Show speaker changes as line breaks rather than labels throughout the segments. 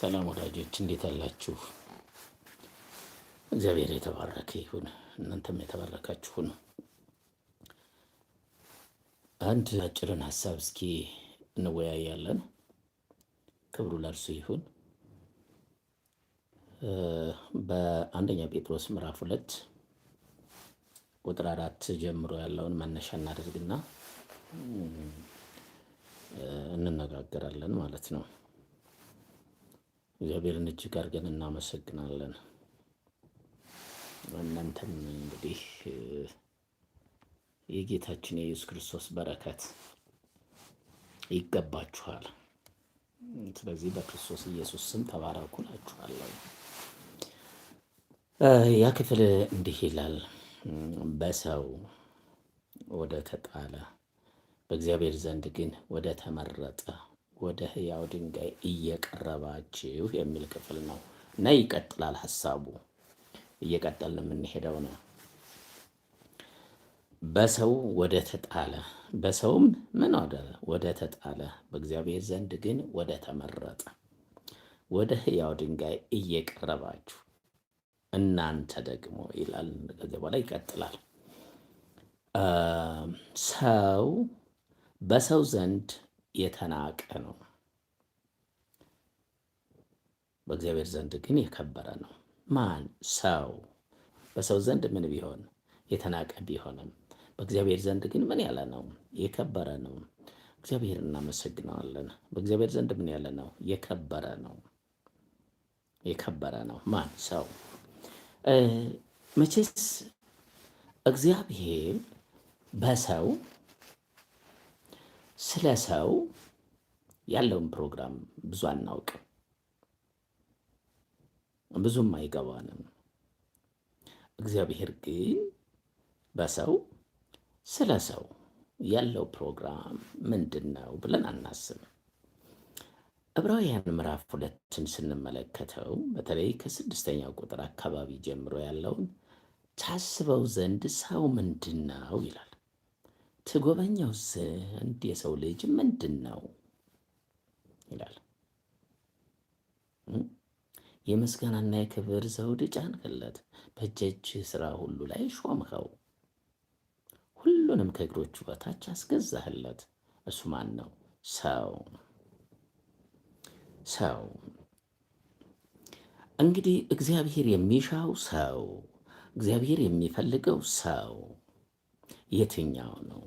ሰላም ወዳጆች እንዴት አላችሁ? እግዚአብሔር የተባረከ ይሁን፣ እናንተም የተባረካችሁ ነው። አንድ አጭርን ሀሳብ እስኪ እንወያያለን። ክብሩ ለእርሱ ይሁን። በአንደኛ ጴጥሮስ ምዕራፍ ሁለት ቁጥር አራት ጀምሮ ያለውን መነሻ እናደርግና እንነጋገራለን ማለት ነው። እግዚአብሔርን እጅግ አድርገን እናመሰግናለን። እናንተም እንግዲህ የጌታችን የኢየሱስ ክርስቶስ በረከት ይገባችኋል። ስለዚህ በክርስቶስ ኢየሱስ ስም ተባረኩላችኋለሁ። ያ ክፍል እንዲህ ይላል፣ በሰው ወደ ተጣለ በእግዚአብሔር ዘንድ ግን ወደ ተመረጠ ወደ ህያው ድንጋይ እየቀረባችሁ የሚል ክፍል ነው እና ይቀጥላል ሀሳቡ እየቀጠልን የምንሄደው ነው። በሰው ወደ ተጣለ በሰውም ምን ወደ ተጣለ በእግዚአብሔር ዘንድ ግን ወደ ተመረጠ ወደ ህያው ድንጋይ እየቀረባችሁ እናንተ ደግሞ ይላል። ከዚያ በኋላ ይቀጥላል። ሰው በሰው ዘንድ የተናቀ ነው፣ በእግዚአብሔር ዘንድ ግን የከበረ ነው። ማን ሰው በሰው ዘንድ ምን ቢሆን የተናቀ ቢሆንም በእግዚአብሔር ዘንድ ግን ምን ያለ ነው? የከበረ ነው። እግዚአብሔር እናመሰግነዋለን። በእግዚአብሔር ዘንድ ምን ያለ ነው? የከበረ ነው። የከበረ ነው። ማን ሰው መቼስ እግዚአብሔር በሰው ስለ ሰው ያለውን ፕሮግራም ብዙ አናውቅም፣ ብዙም አይገባንም። እግዚአብሔር ግን በሰው ስለ ሰው ያለው ፕሮግራም ምንድን ነው ብለን አናስብም። ዕብራውያን ምዕራፍ ሁለትን ስንመለከተው በተለይ ከስድስተኛው ቁጥር አካባቢ ጀምሮ ያለውን ታስበው ዘንድ ሰው ምንድን ነው ይላል። ትጎበኛው ዘንድ የሰው ልጅ ምንድን ነው ይላል። የምስጋናና የክብር ዘውድ ጫንክለት፣ በእጅህ ስራ ሁሉ ላይ ሾምኸው፣ ሁሉንም ከእግሮቹ በታች አስገዛህለት። እሱ ማን ነው? ሰው ሰው እንግዲህ እግዚአብሔር የሚሻው ሰው፣ እግዚአብሔር የሚፈልገው ሰው የትኛው ነው?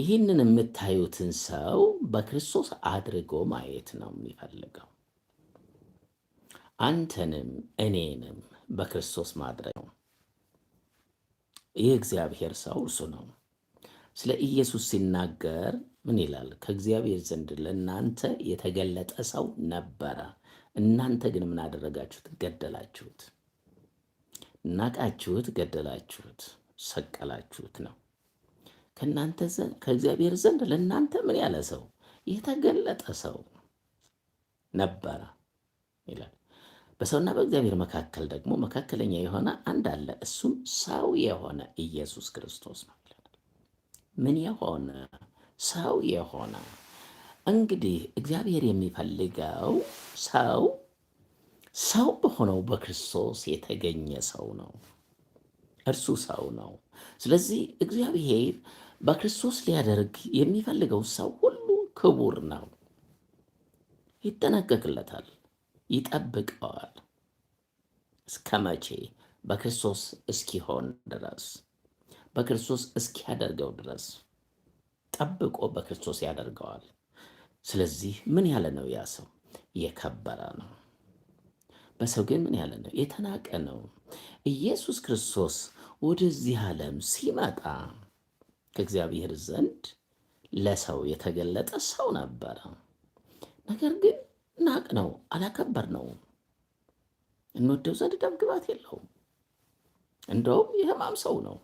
ይህንን የምታዩትን ሰው በክርስቶስ አድርጎ ማየት ነው የሚፈልገው። አንተንም እኔንም በክርስቶስ ማድረግ ነው። ይህ እግዚአብሔር ሰው እርሱ ነው። ስለ ኢየሱስ ሲናገር ምን ይላል? ከእግዚአብሔር ዘንድ ለእናንተ የተገለጠ ሰው ነበረ፣ እናንተ ግን ምን አደረጋችሁት? ገደላችሁት፣ ናቃችሁት፣ ገደላችሁት፣ ሰቀላችሁት ነው ከእናንተ ዘንድ ከእግዚአብሔር ዘንድ ለእናንተ ምን ያለ ሰው የተገለጠ ሰው ነበረ ይላል። በሰውና በእግዚአብሔር መካከል ደግሞ መካከለኛ የሆነ አንድ አለ፣ እሱም ሰው የሆነ ኢየሱስ ክርስቶስ ነው። ምን የሆነ ሰው የሆነ እንግዲህ እግዚአብሔር የሚፈልገው ሰው ሰው በሆነው በክርስቶስ የተገኘ ሰው ነው። እርሱ ሰው ነው። ስለዚህ እግዚአብሔር በክርስቶስ ሊያደርግ የሚፈልገው ሰው ሁሉ ክቡር ነው። ይጠነቀቅለታል፣ ይጠብቀዋል። እስከ መቼ? በክርስቶስ እስኪሆን ድረስ፣ በክርስቶስ እስኪያደርገው ድረስ ጠብቆ በክርስቶስ ያደርገዋል። ስለዚህ ምን ያለ ነው? ያ ሰው የከበረ ነው። በሰው ግን ምን ያለ ነው? የተናቀ ነው። ኢየሱስ ክርስቶስ ወደዚህ ዓለም ሲመጣ ከእግዚአብሔር ዘንድ ለሰው የተገለጠ ሰው ነበረ። ነገር ግን ናቅ ነው፣ አላከበር ነው፣ እንወደው ዘንድ ደም ግባት የለውም። እንደውም የሕማም ሰው ነው፣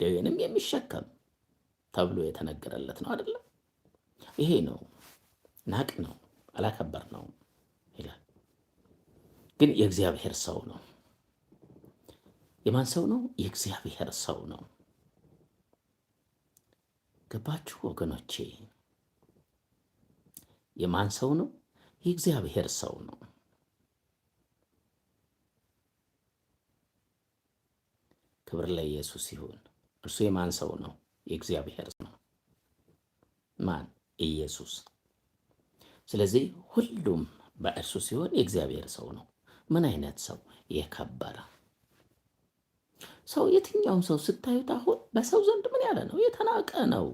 ደዌንም የሚሸከም ተብሎ የተነገረለት ነው አይደለም። ይሄ ነው ናቅ ነው፣ አላከበር ነው ይላል። ግን የእግዚአብሔር ሰው ነው። የማን ሰው ነው? የእግዚአብሔር ሰው ነው። ገባችሁ ወገኖቼ? የማን ሰው ነው? የእግዚአብሔር ሰው ነው። ክብር ለኢየሱስ ይሁን። እርሱ የማን ሰው ነው? የእግዚአብሔር ነው። ማን? ኢየሱስ። ስለዚህ ሁሉም በእርሱ ሲሆን የእግዚአብሔር ሰው ነው። ምን አይነት ሰው? የከበረ ሰው የትኛውም ሰው ስታዩት አሁን በሰው ዘንድ ምን ያለ ነው? የተናቀ ነው።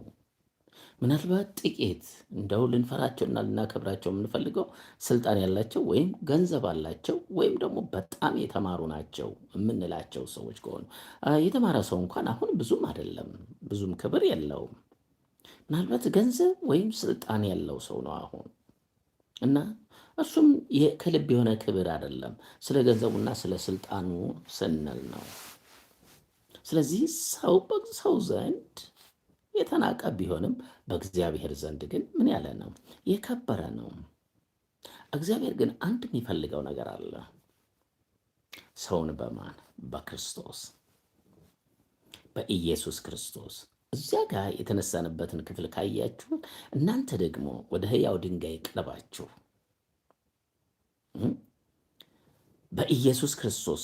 ምናልባት ጥቂት እንደው ልንፈራቸውና ልናከብራቸው የምንፈልገው ስልጣን ያላቸው ወይም ገንዘብ አላቸው ወይም ደግሞ በጣም የተማሩ ናቸው የምንላቸው ሰዎች ከሆኑ የተማረ ሰው እንኳን አሁን ብዙም አይደለም፣ ብዙም ክብር የለውም። ምናልባት ገንዘብ ወይም ስልጣን ያለው ሰው ነው አሁን እና እሱም ከልብ የሆነ ክብር አይደለም። ስለ ገንዘቡና ስለ ስልጣኑ ስንል ነው። ስለዚህ ሰው በሰው ዘንድ የተናቀ ቢሆንም በእግዚአብሔር ዘንድ ግን ምን ያለ ነው? የከበረ ነው። እግዚአብሔር ግን አንድ የሚፈልገው ነገር አለ። ሰውን በማን በክርስቶስ በኢየሱስ ክርስቶስ። እዚያ ጋር የተነሳንበትን ክፍል ካያችሁ እናንተ ደግሞ ወደ ሕያው ድንጋይ ቅረባችሁ በኢየሱስ ክርስቶስ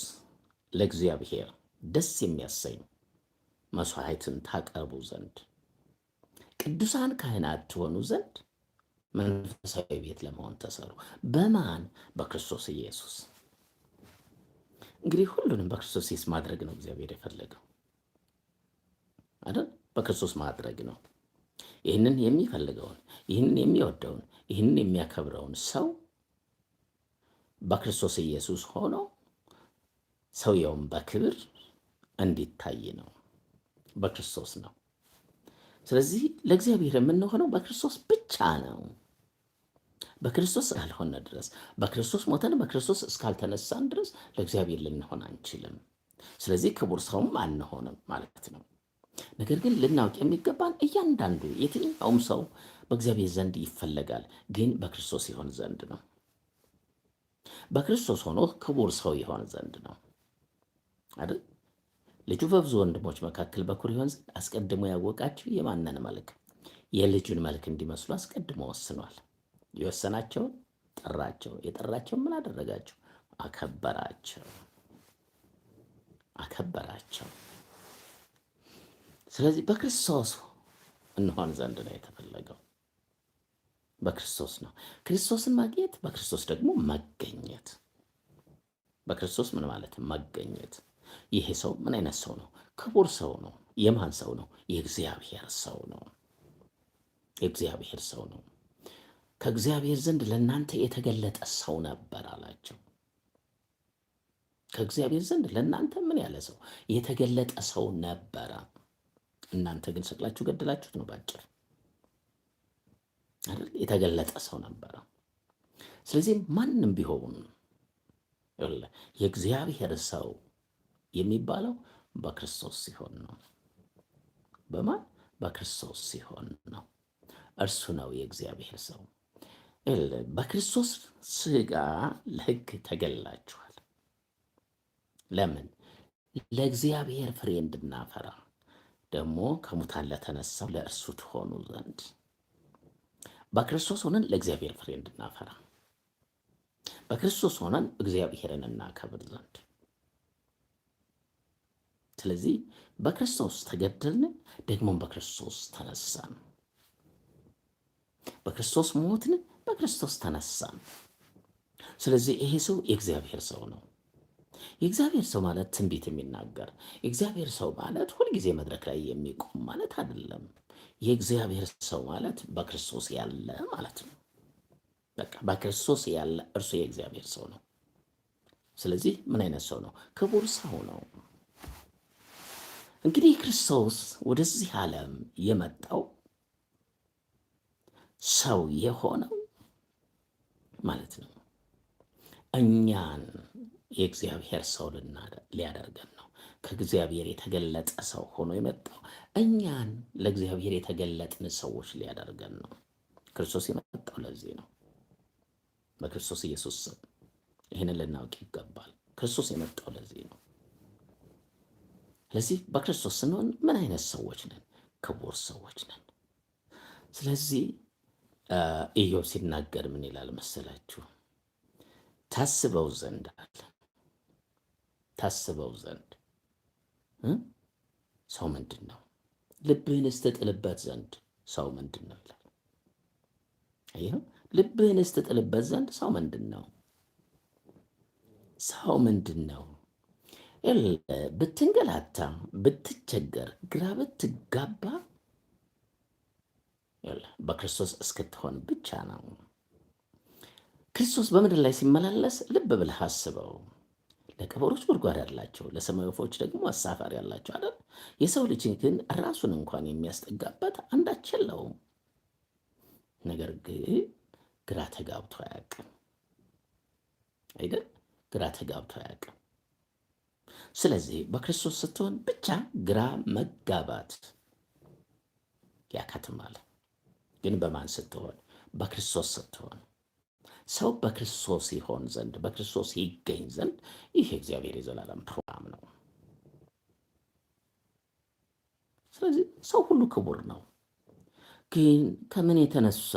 ለእግዚአብሔር ደስ የሚያሰኝ መስዋዕትን ታቀርቡ ዘንድ ቅዱሳን ካህናት ትሆኑ ዘንድ መንፈሳዊ ቤት ለመሆን ተሰሩ። በማን? በክርስቶስ ኢየሱስ። እንግዲህ ሁሉንም በክርስቶስ ኢየሱስ ማድረግ ነው እግዚአብሔር የፈለገው አይደል? በክርስቶስ ማድረግ ነው። ይህንን የሚፈልገውን ይህንን የሚወደውን ይህንን የሚያከብረውን ሰው በክርስቶስ ኢየሱስ ሆኖ ሰውየውን በክብር እንዲታይ ነው። በክርስቶስ ነው። ስለዚህ ለእግዚአብሔር የምንሆነው በክርስቶስ ብቻ ነው። በክርስቶስ ካልሆነ ድረስ በክርስቶስ ሞተን በክርስቶስ እስካልተነሳን ድረስ ለእግዚአብሔር ልንሆን አንችልም። ስለዚህ ክቡር ሰውም አንሆንም ማለት ነው። ነገር ግን ልናውቅ የሚገባን እያንዳንዱ የትኛውም ሰው በእግዚአብሔር ዘንድ ይፈለጋል፣ ግን በክርስቶስ ይሆን ዘንድ ነው። በክርስቶስ ሆኖ ክቡር ሰው ይሆን ዘንድ ነው አይደል? ልጁ በብዙ ወንድሞች መካከል በኩር ይሆን ዘንድ አስቀድሞ ያወቃቸው የማንን መልክ? የልጁን መልክ እንዲመስሉ አስቀድሞ ወስኗል። የወሰናቸውን ጠራቸው። የጠራቸውን ምን አደረጋቸው? አከበራቸው። አከበራቸው። ስለዚህ በክርስቶስ እንሆን ዘንድ ነው የተፈለገው። በክርስቶስ ነው ክርስቶስን ማግኘት፣ በክርስቶስ ደግሞ መገኘት። በክርስቶስ ምን ማለት መገኘት ይሄ ሰው ምን አይነት ሰው ነው? ክቡር ሰው ነው። የማን ሰው ነው? የእግዚአብሔር ሰው ነው። የእግዚአብሔር ሰው ነው። ከእግዚአብሔር ዘንድ ለእናንተ የተገለጠ ሰው ነበር አላቸው። ከእግዚአብሔር ዘንድ ለእናንተ ምን ያለ ሰው የተገለጠ ሰው ነበረ። እናንተ ግን ሰቅላችሁ ገደላችሁት ነው ባጭር አይደል? የተገለጠ ሰው ነበረ። ስለዚህ ማንም ቢሆን የእግዚአብሔር ሰው የሚባለው በክርስቶስ ሲሆን ነው። በማን በክርስቶስ ሲሆን ነው። እርሱ ነው የእግዚአብሔር ሰው። በክርስቶስ ስጋ ለህግ ተገላችኋል። ለምን? ለእግዚአብሔር ፍሬ እንድናፈራ ደግሞ ከሙታን ለተነሳው ለእርሱ ትሆኑ ዘንድ በክርስቶስ ሆነን ለእግዚአብሔር ፍሬ እንድናፈራ በክርስቶስ ሆነን እግዚአብሔርን እናከብር ዘንድ ስለዚህ በክርስቶስ ተገደልን፣ ደግሞም በክርስቶስ ተነሳን። በክርስቶስ ሞትን፣ በክርስቶስ ተነሳን። ስለዚህ ይሄ ሰው የእግዚአብሔር ሰው ነው። የእግዚአብሔር ሰው ማለት ትንቢት የሚናገር የእግዚአብሔር ሰው ማለት ሁልጊዜ መድረክ ላይ የሚቆም ማለት አይደለም። የእግዚአብሔር ሰው ማለት በክርስቶስ ያለ ማለት ነው። በቃ በክርስቶስ ያለ እርሱ የእግዚአብሔር ሰው ነው። ስለዚህ ምን አይነት ሰው ነው? ክቡር ሰው ነው። እንግዲህ ክርስቶስ ወደዚህ ዓለም የመጣው ሰው የሆነው ማለት ነው እኛን የእግዚአብሔር ሰው ሊያደርገን ነው። ከእግዚአብሔር የተገለጠ ሰው ሆኖ የመጣው እኛን ለእግዚአብሔር የተገለጥን ሰዎች ሊያደርገን ነው። ክርስቶስ የመጣው ለዚህ ነው። በክርስቶስ ኢየሱስ ስም ይህንን ልናውቅ ይገባል። ክርስቶስ የመጣው ለዚህ ነው። ስለዚህ በክርስቶስ ስንሆን ምን አይነት ሰዎች ነን? ክቡር ሰዎች ነን። ስለዚህ ኢዮብ ሲናገር ምን ይላል መሰላችሁ? ታስበው ዘንድ አለ ታስበው ዘንድ ሰው ምንድን ነው? ልብህን ስትጥልበት ዘንድ ሰው ምንድን ነው ይላል። ይህ ልብህን ስትጥልበት ዘንድ ሰው ምንድን ነው? ሰው ምንድን ነው? ብትንገላታ ብትቸገር ግራ ብትጋባ በክርስቶስ እስክትሆን ብቻ ነው። ክርስቶስ በምድር ላይ ሲመላለስ ልብ ብለህ አስበው። ለቀበሮች ጉድጓድ አላቸው፣ ለሰማይ ወፎች ደግሞ አሳፋሪ አላቸው አይደል? የሰው ልጅ ግን ራሱን እንኳን የሚያስጠጋበት አንዳች የለውም። ነገር ግን ግራ ተጋብቶ አያውቅም አይደል? ግራ ተጋብቶ አያውቅም። ስለዚህ በክርስቶስ ስትሆን ብቻ ግራ መጋባት ያከትማል። ግን በማን ስትሆን? በክርስቶስ ስትሆን። ሰው በክርስቶስ ይሆን ዘንድ በክርስቶስ ይገኝ ዘንድ ይህ እግዚአብሔር የዘላለም ፕሮግራም ነው። ስለዚህ ሰው ሁሉ ክቡር ነው። ግን ከምን የተነሳ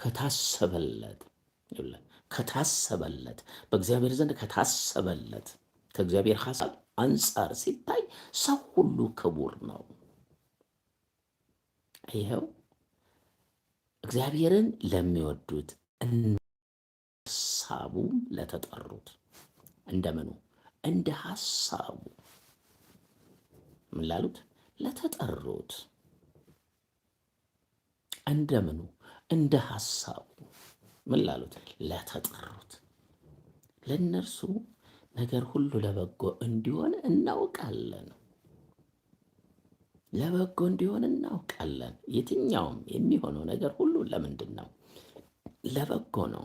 ከታሰበለት ከታሰበለት በእግዚአብሔር ዘንድ ከታሰበለት ከእግዚአብሔር ሀሳብ አንጻር ሲታይ ሰው ሁሉ ክቡር ነው። ይኸው እግዚአብሔርን ለሚወዱት ሀሳቡም ለተጠሩት እንደምኑ እንደ ሀሳቡ ምን ላሉት ለተጠሩት እንደምኑ እንደ ሀሳቡ ምን ላሉት ለተጠሩት ለእነርሱ ነገር ሁሉ ለበጎ እንዲሆን እናውቃለን። ለበጎ እንዲሆን እናውቃለን። የትኛውም የሚሆነው ነገር ሁሉ ለምንድን ነው? ለበጎ ነው።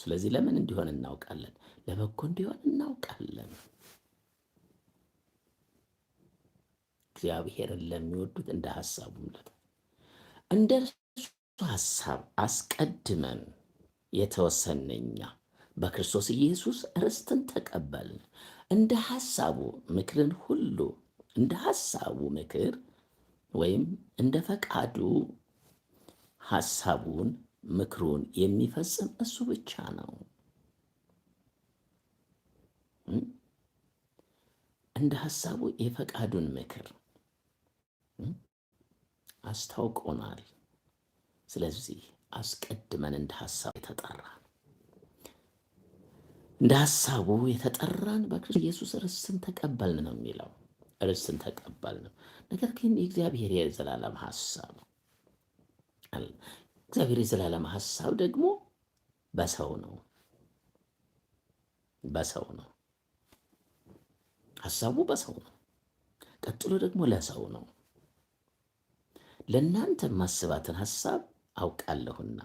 ስለዚህ ለምን እንዲሆን እናውቃለን። ለበጎ እንዲሆን እናውቃለን። እግዚአብሔርን ለሚወዱት እንደ ሀሳቡ እንደ እሱ ሀሳብ አስቀድመን የተወሰነኛ በክርስቶስ ኢየሱስ ርስትን ተቀበልን። እንደ ሐሳቡ ምክርን ሁሉ እንደ ሐሳቡ ምክር ወይም እንደ ፈቃዱ ሐሳቡን ምክሩን የሚፈጽም እሱ ብቻ ነው። እንደ ሐሳቡ የፈቃዱን ምክር አስታውቆናል። ስለዚህ አስቀድመን እንደ ሐሳቡ የተጠራ እንደ ሀሳቡ የተጠራን በክርስቶስ ኢየሱስ ርስትን ተቀበልን ነው የሚለው። ርስትን ተቀበልን። ነገር ግን የእግዚአብሔር የዘላለም ሀሳብ እግዚአብሔር የዘላለም ሀሳብ ደግሞ በሰው ነው በሰው ነው ሀሳቡ በሰው ነው። ቀጥሎ ደግሞ ለሰው ነው። ለእናንተ ማስባትን ሀሳብ አውቃለሁና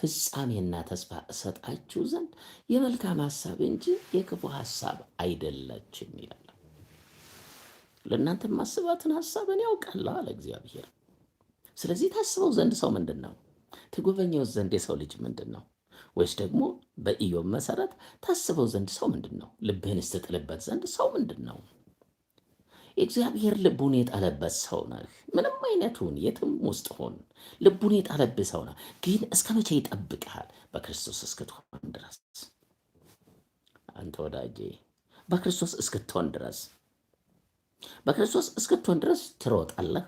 ፍጻሜና ተስፋ እሰጣችሁ ዘንድ የመልካም ሀሳብ እንጂ የክፉ ሀሳብ አይደለችም ይላል። ለእናንተ ማስባትን ሀሳብን ያውቃል አለ እግዚአብሔር። ስለዚህ ታስበው ዘንድ ሰው ምንድን ነው? ተጎበኘው ዘንድ የሰው ልጅ ምንድን ነው? ወይስ ደግሞ በኢዮብ መሰረት ታስበው ዘንድ ሰው ምንድን ነው? ልብህን ስትጥልበት ዘንድ ሰው ምንድን ነው? እግዚአብሔር ልቡን የጣለበት ሰው ነህ። ምንም አይነት ሁን፣ የትም ውስጥ ሁን፣ ልቡን የጣለብህ ሰው ነህ። ግን እስከ መቼ ይጠብቅሃል? በክርስቶስ እስክትሆን ድረስ አንተ ወዳጄ፣ በክርስቶስ እስክትሆን ድረስ በክርስቶስ እስክትሆን ድረስ ትሮጣለህ፣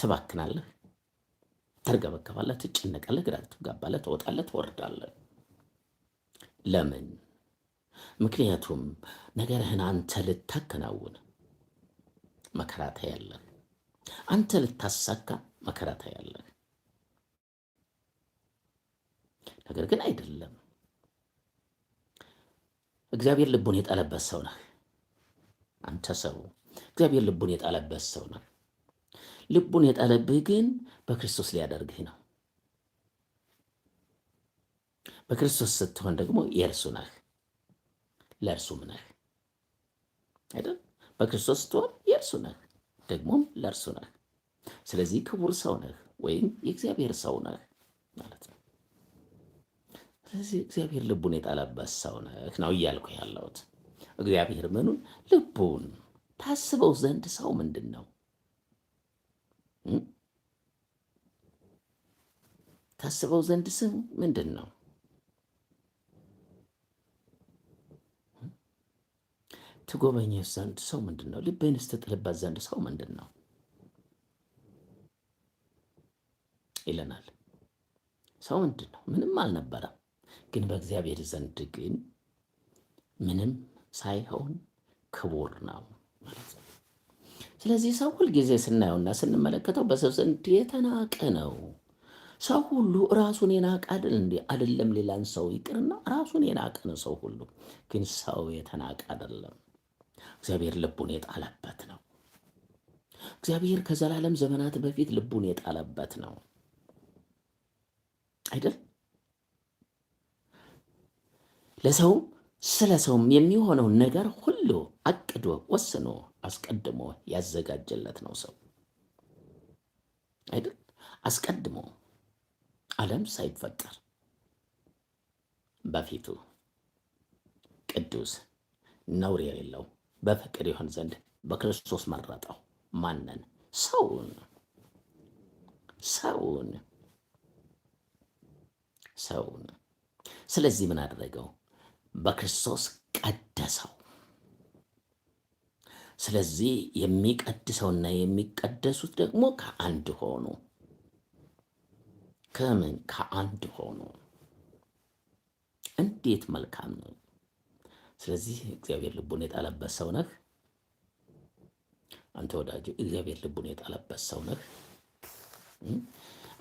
ትባክናለህ፣ ተርገበገባለህ፣ ትጨነቃለህ፣ ግራ ትጋባለህ፣ ትወጣለህ፣ ትወርዳለህ። ለምን? ምክንያቱም ነገርህን አንተ ልታከናውን መከራ ታያለህ። አንተ ልታሳካ መከራ ታያለህ። ነገር ግን አይደለም እግዚአብሔር ልቡን የጣለበት ሰው ነህ። አንተ ሰው እግዚአብሔር ልቡን የጣለበት ሰው ነህ። ልቡን የጣለብህ ግን በክርስቶስ ሊያደርግህ ነው። በክርስቶስ ስትሆን ደግሞ የእርሱ ነህ፣ ለእርሱም ነህ አይደል? በክርስቶስ ስትሆን የእርሱ ነህ፣ ደግሞም ለእርሱ ነህ። ስለዚህ ክቡር ሰው ነህ ወይም የእግዚአብሔር ሰው ነህ ማለት ነው። ስለዚህ እግዚአብሔር ልቡን የጣለበት ሰው ነህ ነው እያልኩ ያለሁት። እግዚአብሔር ምኑን ልቡን ታስበው ዘንድ ሰው ምንድን ነው? ታስበው ዘንድ ስም ምንድን ነው? ትጎበኝህ ዘንድ ሰው ምንድን ነው? ልብህንስ ስትጥልበት ዘንድ ሰው ምንድን ነው ይለናል። ሰው ምንድን ነው? ምንም አልነበረም። ግን በእግዚአብሔር ዘንድ ግን ምንም ሳይሆን ክቡር ነው ማለት ነው። ስለዚህ ሰው ሁልጊዜ ስናየውና ስንመለከተው በሰው ዘንድ የተናቀ ነው። ሰው ሁሉ ራሱን የናቀ አይደል እንዴ? አይደለም ሌላን ሰው ይቅርና ራሱን የናቀ ነው ሰው ሁሉ። ግን ሰው የተናቀ አይደለም። እግዚአብሔር ልቡን የጣለበት ነው። እግዚአብሔር ከዘላለም ዘመናት በፊት ልቡን የጣለበት ነው አይደል? ለሰውም ስለ ሰውም የሚሆነው ነገር ሁሉ አቅዶ ወስኖ አስቀድሞ ያዘጋጀለት ነው ሰው አይደል? አስቀድሞ ዓለም ሳይፈጠር በፊቱ ቅዱስ ነውር የሌለው በፍቅር ይሆን ዘንድ በክርስቶስ መረጠው። ማንን? ሰውን ሰውን ሰውን። ስለዚህ ምን አደረገው? በክርስቶስ ቀደሰው። ስለዚህ የሚቀድሰውና የሚቀደሱት ደግሞ ከአንድ ሆኑ። ከምን? ከአንድ ሆኑ። እንዴት መልካም ነው! ስለዚህ እግዚአብሔር ልቡን የጣለበት ሰው ነህ አንተ ወዳጅ፣ እግዚአብሔር ልቡን የጣለበት ሰው ነህ።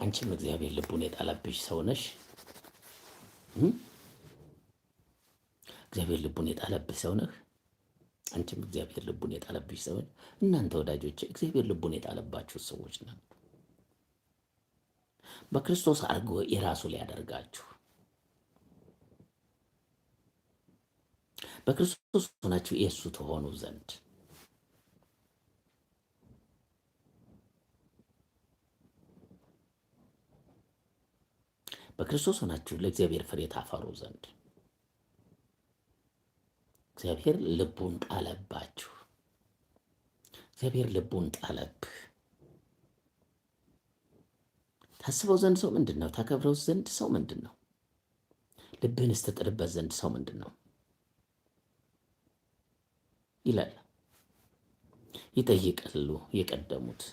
አንቺም እግዚአብሔር ልቡን የጣለብሽ ሰው ነሽ። እግዚአብሔር ልቡን የጣለብሽ ሰው ነህ። አንቺም እግዚአብሔር ልቡን የጣለብሽ ሰው ነህ። እናንተ ወዳጆች እግዚአብሔር ልቡን የጣለባችሁ ሰዎች ነው። በክርስቶስ አድርጎ የራሱ ላይ ያደርጋችሁ በክርስቶስ ሆናችሁ የእሱ ትሆኑ ዘንድ በክርስቶስ ሆናችሁ ለእግዚአብሔር ፍሬ ታፈሩ ዘንድ እግዚአብሔር ልቡን ጣለባችሁ። እግዚአብሔር ልቡን ጣለብህ። ታስበው ዘንድ ሰው ምንድን ነው? ታከብረው ዘንድ ሰው ምንድን ነው? ልብህን ስትጥርበት ዘንድ ሰው ምንድን ነው? ይላል። ይጠይቃሉ የቀደሙት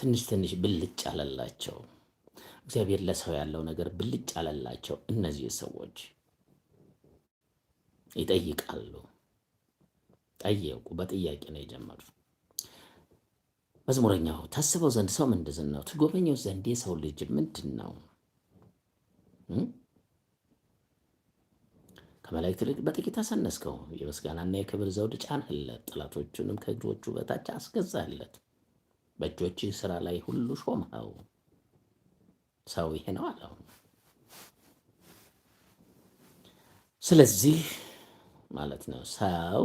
ትንሽ ትንሽ ብልጭ አለላቸው። እግዚአብሔር ለሰው ያለው ነገር ብልጭ አለላቸው። እነዚህ ሰዎች ይጠይቃሉ። ጠየቁ። በጥያቄ ነው የጀመሩ። መዝሙረኛው ታስበው ዘንድ ሰው ምንድን ነው? ትጎበኘው ዘንድ የሰው ልጅ ምንድን ነው? ከመላእክት ይልቅ በጥቂት አሳነስከው። የምስጋናና የክብር ዘውድ ጫንህለት፣ ጠላቶቹንም ከእግሮቹ በታች አስገዛህለት። በእጆችህ ስራ ላይ ሁሉ ሾምኸው። ሰው ይሄ ነው አለው። ስለዚህ ማለት ነው ሰው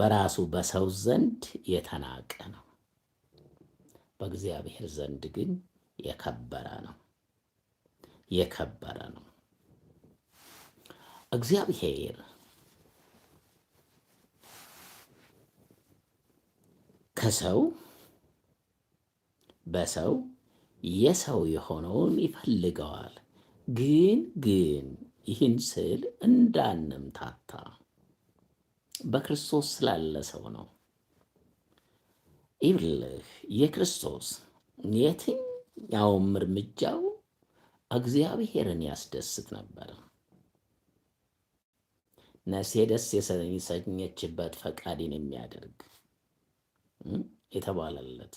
በራሱ በሰው ዘንድ የተናቀ ነው፣ በእግዚአብሔር ዘንድ ግን የከበረ ነው። የከበረ ነው። እግዚአብሔር ከሰው በሰው የሰው የሆነውን ይፈልገዋል። ግን ግን ይህን ስል እንዳንምታታ በክርስቶስ ስላለ ሰው ነው። ይብልህ የክርስቶስ የትኛውም እርምጃው እግዚአብሔርን ያስደስት ነበር። ነፍሴ ደስ የሰኘችበት ፈቃዴን የሚያደርግ የተባለለት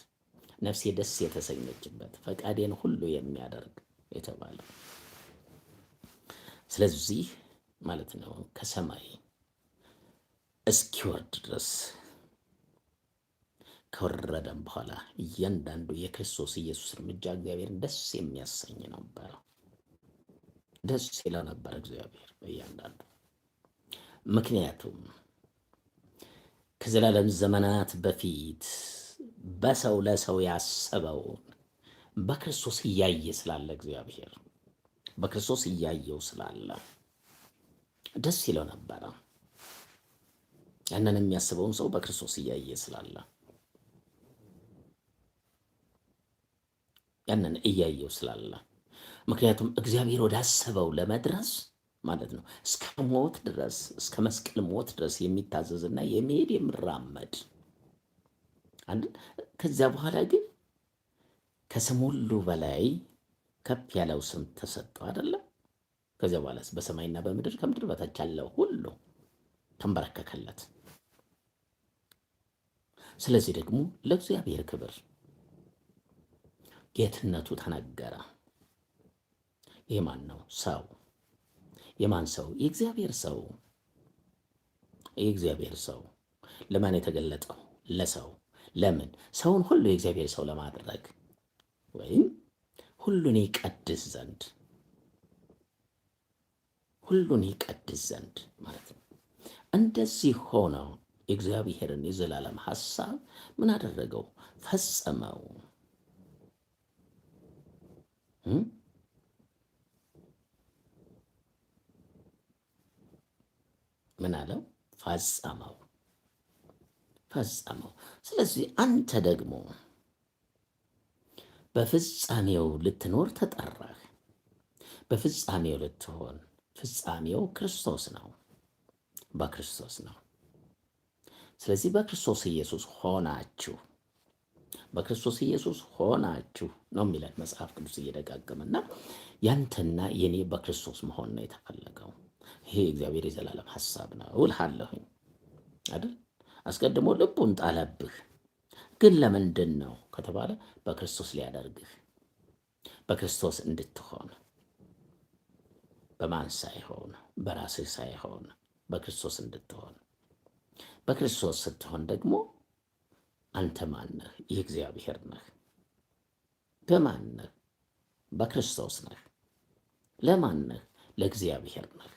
ነፍሴ ደስ የተሰኘችበት ፈቃዴን ሁሉ የሚያደርግ የተባለ ስለዚህ ማለት ነው ከሰማይ እስኪወርድ ድረስ ከወረደም በኋላ እያንዳንዱ የክርስቶስ ኢየሱስ እርምጃ እግዚአብሔርን ደስ የሚያሰኝ ነበረ። ደስ ይለው ነበር እግዚአብሔር በእያንዳንዱ ምክንያቱም ከዘላለም ዘመናት በፊት በሰው ለሰው ያሰበውን በክርስቶስ እያየ ስላለ እግዚአብሔር በክርስቶስ እያየው ስላለ ደስ ይለው ነበረ። ያንን የሚያስበውን ሰው በክርስቶስ እያየ ስላለ ያንን እያየው ስላለ ምክንያቱም እግዚአብሔር ወዳሰበው ለመድረስ ማለት ነው። እስከ ሞት ድረስ እስከ መስቀል ሞት ድረስ የሚታዘዝና የሚሄድ የሚራመድ አንድ ከዚያ በኋላ ግን ከስም ሁሉ በላይ ከፍ ያለው ስም ተሰጠው አይደለም። ከዚያ በኋላ በሰማይና በምድር ከምድር በታች ያለው ሁሉ ተንበረከከለት። ስለዚህ ደግሞ ለእግዚአብሔር ክብር ጌትነቱ ተነገረ። ይህ ማን ነው? ሰው የማን ሰው? የእግዚአብሔር ሰው። የእግዚአብሔር ሰው ለማን የተገለጠው? ለሰው። ለምን? ሰውን ሁሉ የእግዚአብሔር ሰው ለማድረግ ወይም ሁሉን ይቀድስ ዘንድ ሁሉን ይቀድስ ዘንድ ማለት ነው። እንደዚህ ሆነው የእግዚአብሔርን የዘላለም ሐሳብ ምን አደረገው? ፈጸመው። ምን አለው? ፈጸመው ፈጸመው። ስለዚህ አንተ ደግሞ በፍጻሜው ልትኖር ተጠራህ። በፍጻሜው ልትሆን፣ ፍጻሜው ክርስቶስ ነው፣ በክርስቶስ ነው። ስለዚህ በክርስቶስ ኢየሱስ ሆናችሁ በክርስቶስ ኢየሱስ ሆናችሁ ነው የሚለን መጽሐፍ ቅዱስ እየደጋገመና ያንተና የኔ በክርስቶስ መሆን ነው የተፈለገው። ይሄ እግዚአብሔር የዘላለም ሀሳብ ነው እልሃለሁኝ አይደል? አስቀድሞ ልቡን ጣለብህ። ግን ለምንድን ነው ከተባለ በክርስቶስ ሊያደርግህ በክርስቶስ እንድትሆን በማን ሳይሆን በራስህ ሳይሆን በክርስቶስ እንድትሆን። በክርስቶስ ስትሆን ደግሞ አንተ ማን ነህ? ይህ እግዚአብሔር ነህ። በማን ነህ? በክርስቶስ ነህ። ለማን ነህ? ለእግዚአብሔር ነህ።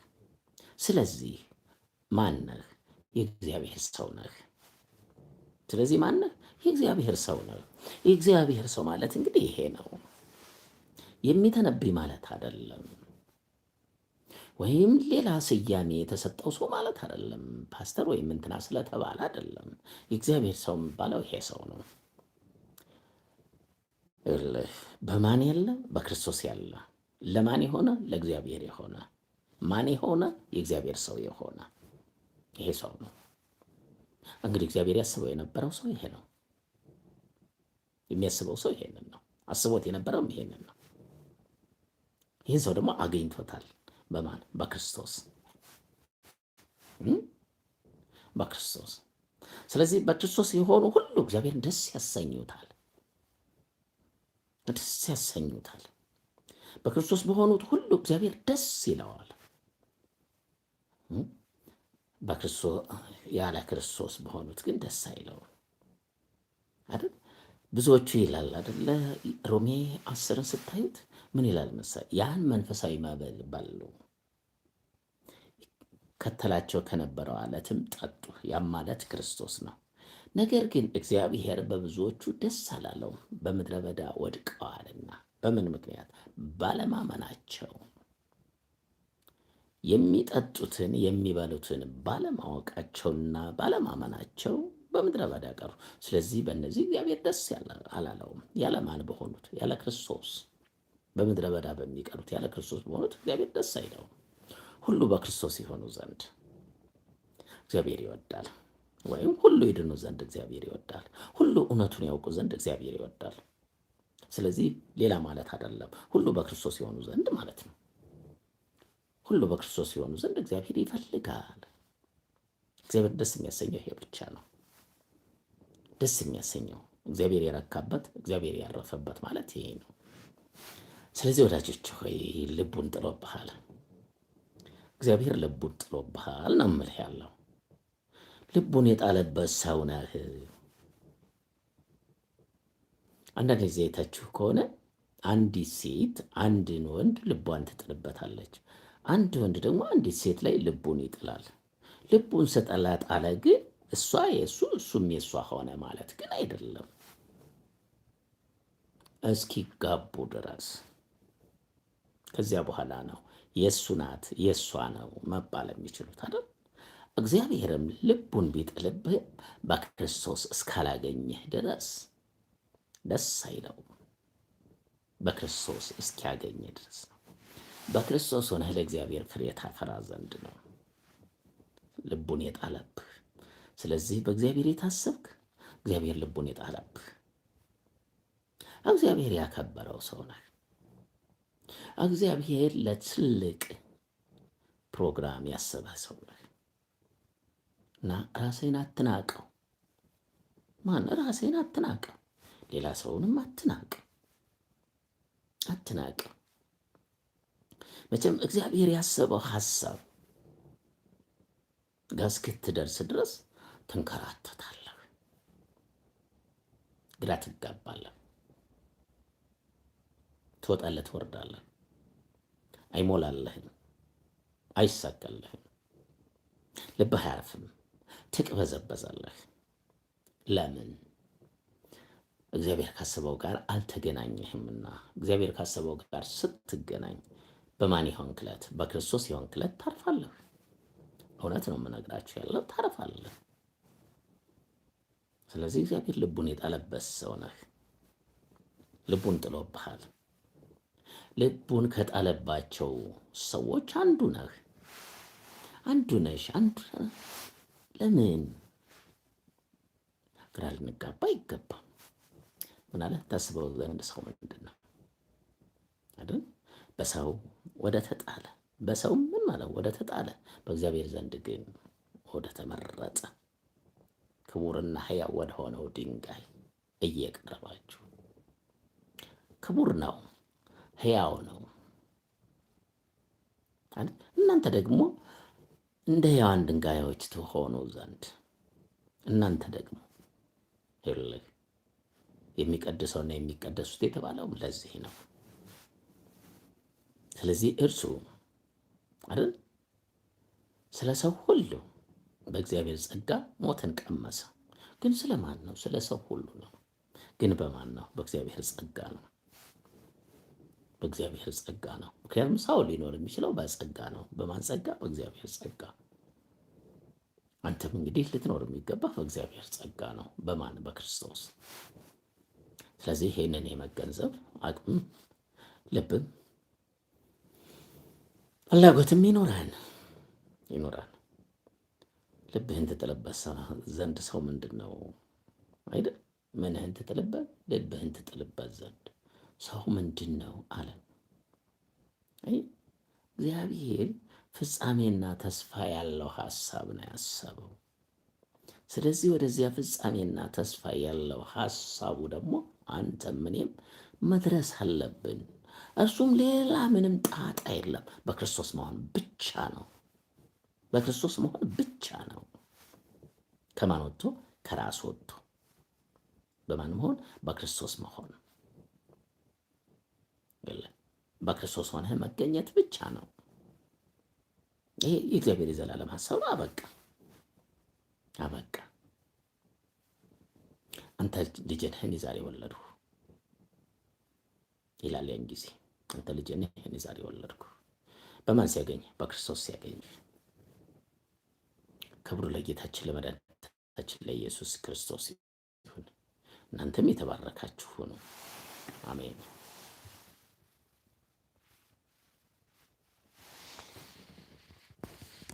ስለዚህ ማን ነህ? የእግዚአብሔር ሰው ነህ። ስለዚህ ማን ነህ? የእግዚአብሔር ሰው ነህ። የእግዚአብሔር ሰው ማለት እንግዲህ ይሄ ነው። የሚተነብይ ማለት አይደለም፣ ወይም ሌላ ስያሜ የተሰጠው ሰው ማለት አይደለም። ፓስተር ወይም እንትና ስለተባለ አይደለም። የእግዚአብሔር ሰው የሚባለው ይሄ ሰው ነው። በማን ያለ? በክርስቶስ ያለ። ለማን የሆነ? ለእግዚአብሔር የሆነ ማን የሆነ የእግዚአብሔር ሰው የሆነ ይሄ ሰው ነው። እንግዲህ እግዚአብሔር ያስበው የነበረው ሰው ይሄ ነው። የሚያስበው ሰው ይሄንን ነው። አስቦት የነበረውም ይሄንን ነው። ይህን ሰው ደግሞ አገኝቶታል። በማን በክርስቶስ በክርስቶስ። ስለዚህ በክርስቶስ የሆኑ ሁሉ እግዚአብሔርን ደስ ያሰኙታል፣ ደስ ያሰኙታል። በክርስቶስ በሆኑት ሁሉ እግዚአብሔር ደስ ይለዋል። ያለ ክርስቶስ በሆኑት ግን ደስ አይለው አይደል? ብዙዎቹ ይላል አደለ? ሮሜ አስርን ስታዩት ምን ይላል መሰለህ? ያን መንፈሳዊ ማዕበል ባሉ ከተላቸው ከነበረው አለትም ጠጡ። ያም ማለት ክርስቶስ ነው። ነገር ግን እግዚአብሔር በብዙዎቹ ደስ አላለውም፣ በምድረ በዳ ወድቀዋልና። በምን ምክንያት? ባለማመናቸው የሚጠጡትን የሚበሉትን ባለማወቃቸውና ባለማመናቸው በምድረ በዳ ቀሩ። ስለዚህ በእነዚህ እግዚአብሔር ደስ አላለውም። ማን በሆኑት ያለ ክርስቶስ በምድረ በዳ በሚቀሩት ያለ ክርስቶስ በሆኑት እግዚአብሔር ደስ አይለውም። ሁሉ በክርስቶስ የሆኑ ዘንድ እግዚአብሔር ይወዳል፣ ወይም ሁሉ ይድኑ ዘንድ እግዚአብሔር ይወዳል። ሁሉ እውነቱን ያውቁ ዘንድ እግዚአብሔር ይወዳል። ስለዚህ ሌላ ማለት አይደለም፣ ሁሉ በክርስቶስ የሆኑ ዘንድ ማለት ነው። ሁሉ በክርስቶስ ሲሆኑ ዘንድ እግዚአብሔር ይፈልጋል። እግዚአብሔር ደስ የሚያሰኘው ይሄ ብቻ ነው። ደስ የሚያሰኘው እግዚአብሔር የረካበት እግዚአብሔር ያረፈበት ማለት ይሄ ነው። ስለዚህ ወዳጆች ሆይ ልቡን ጥሎብሃል፣ እግዚአብሔር ልቡን ጥሎብሃል ነው የምልህ ያለው። ልቡን የጣለበት ሰው ነህ። አንዳንድ ጊዜ የታችሁ ከሆነ አንዲት ሴት አንድን ወንድ ልቧን ትጥልበታለች። አንድ ወንድ ደግሞ አንዲት ሴት ላይ ልቡን ይጥላል። ልቡን ስለጣለ ግን እሷ የእሱ እሱም የእሷ ሆነ ማለት ግን አይደለም። እስኪጋቡ ድረስ ከዚያ በኋላ ነው የእሱ ናት የእሷ ነው መባል የሚችሉት አይደል? እግዚአብሔርም ልቡን ቢጥልብህ በክርስቶስ እስካላገኘህ ድረስ ደስ አይለው፣ በክርስቶስ እስኪያገኝህ ድረስ ነው። በክርስቶስ ሆነህ ለእግዚአብሔር ፍሬ ታፈራ ዘንድ ነው ልቡን የጣለብህ። ስለዚህ በእግዚአብሔር የታሰብክ እግዚአብሔር ልቡን የጣለብህ እግዚአብሔር ያከበረው ሰው ነህ። እግዚአብሔር ለትልቅ ፕሮግራም ያሰበህ ሰው ነህ እና ራስህን አትናቀው። ማን ራስህን አትናቀው። ሌላ ሰውንም አትናቅ አትናቅ። መቼም እግዚአብሔር ያሰበው ሀሳብ ጋር እስክትደርስ ድረስ ትንከራተታለህ፣ ግራ ትጋባለህ፣ ትወጣለህ፣ ትወርዳለህ፣ አይሞላለህም፣ አይሳቀልህም፣ ልብህ አያርፍም፣ ትቅበዘበዛለህ። ለምን? እግዚአብሔር ካሰበው ጋር አልተገናኘህምና። እግዚአብሔር ካሰበው ጋር ስትገናኝ በማን የሆንክለት በክርስቶስ የሆንክለት ታርፋለህ። እውነት ነው የምነግራችሁ ያለው ታርፋለህ። ስለዚህ እግዚአብሔር ልቡን የጣለበት ሰው ነህ። ልቡን ጥሎብሃል። ልቡን ከጣለባቸው ሰዎች አንዱ ነህ፣ አንዱ ነሽ፣ አንዱ ለምን ግራ ልንጋባ አይገባም። ምናለ ታስበው ዘንድ ሰው ምንድን ነው አይደል? በሰው ወደ ተጣለ በሰው ምን ማለት ወደ ተጣለ በእግዚአብሔር ዘንድ ግን ወደ ተመረጠ ክቡርና ሕያው ወደ ሆነው ድንጋይ እየቀረባችሁ ክቡር ነው፣ ሕያው ነው። እናንተ ደግሞ እንደ ሕያዋን ድንጋዮች ትሆኑ ዘንድ እናንተ ደግሞ ይኸውልህ የሚቀድሰውና የሚቀደሱት የተባለውም ለዚህ ነው። ስለዚህ እርሱ አይደል ስለ ሰው ሁሉ በእግዚአብሔር ጸጋ ሞትን ቀመሰ። ግን ስለ ማን ነው? ስለ ሰው ሁሉ ነው። ግን በማን ነው? በእግዚአብሔር ጸጋ ነው። በእግዚአብሔር ጸጋ ነው። ምክንያቱም ሰው ሊኖር የሚችለው በጸጋ ነው። በማን ጸጋ? በእግዚአብሔር ጸጋ። አንተም እንግዲህ ልትኖር የሚገባ በእግዚአብሔር ጸጋ ነው። በማን? በክርስቶስ። ስለዚህ ይህንን የመገንዘብ አቅም ልብም ፍላጎትም ይኖራል ይኖራል። ልብህን ትጥልበት ዘንድ ሰው ምንድን ነው አይደል? ምንህን ትጥልበት ልብህን ትጥልበት ዘንድ ሰው ምንድን ነው አለ። እግዚአብሔር ፍጻሜና ተስፋ ያለው ሀሳብ ነው ያሰበው። ስለዚህ ወደዚያ ፍጻሜና ተስፋ ያለው ሀሳቡ ደግሞ አንተም እኔም መድረስ አለብን። እርሱም ሌላ ምንም ጣጣ የለም። በክርስቶስ መሆን ብቻ ነው። በክርስቶስ መሆን ብቻ ነው። ከማን ወጥቶ? ከራስ ወጥቶ በማን መሆን? በክርስቶስ መሆን በክርስቶስ ሆነህ መገኘት ብቻ ነው። ይሄ የእግዚአብሔር የዘላለም ሀሳብ ነው። አበቃ አበቃ። አንተ ልጄ ነህን የዛሬ ወለዱ ይላል። ያን ጊዜ አንተ ልጅ እኔ እኔ ዛሬ ወለድኩ። በማን ሲያገኝ? በክርስቶስ ሲያገኝ። ክብሩ ለጌታችን ለመድኃኒታችን ለኢየሱስ ክርስቶስ ይሁን። እናንተም የተባረካችሁ ሁኑ። አሜን።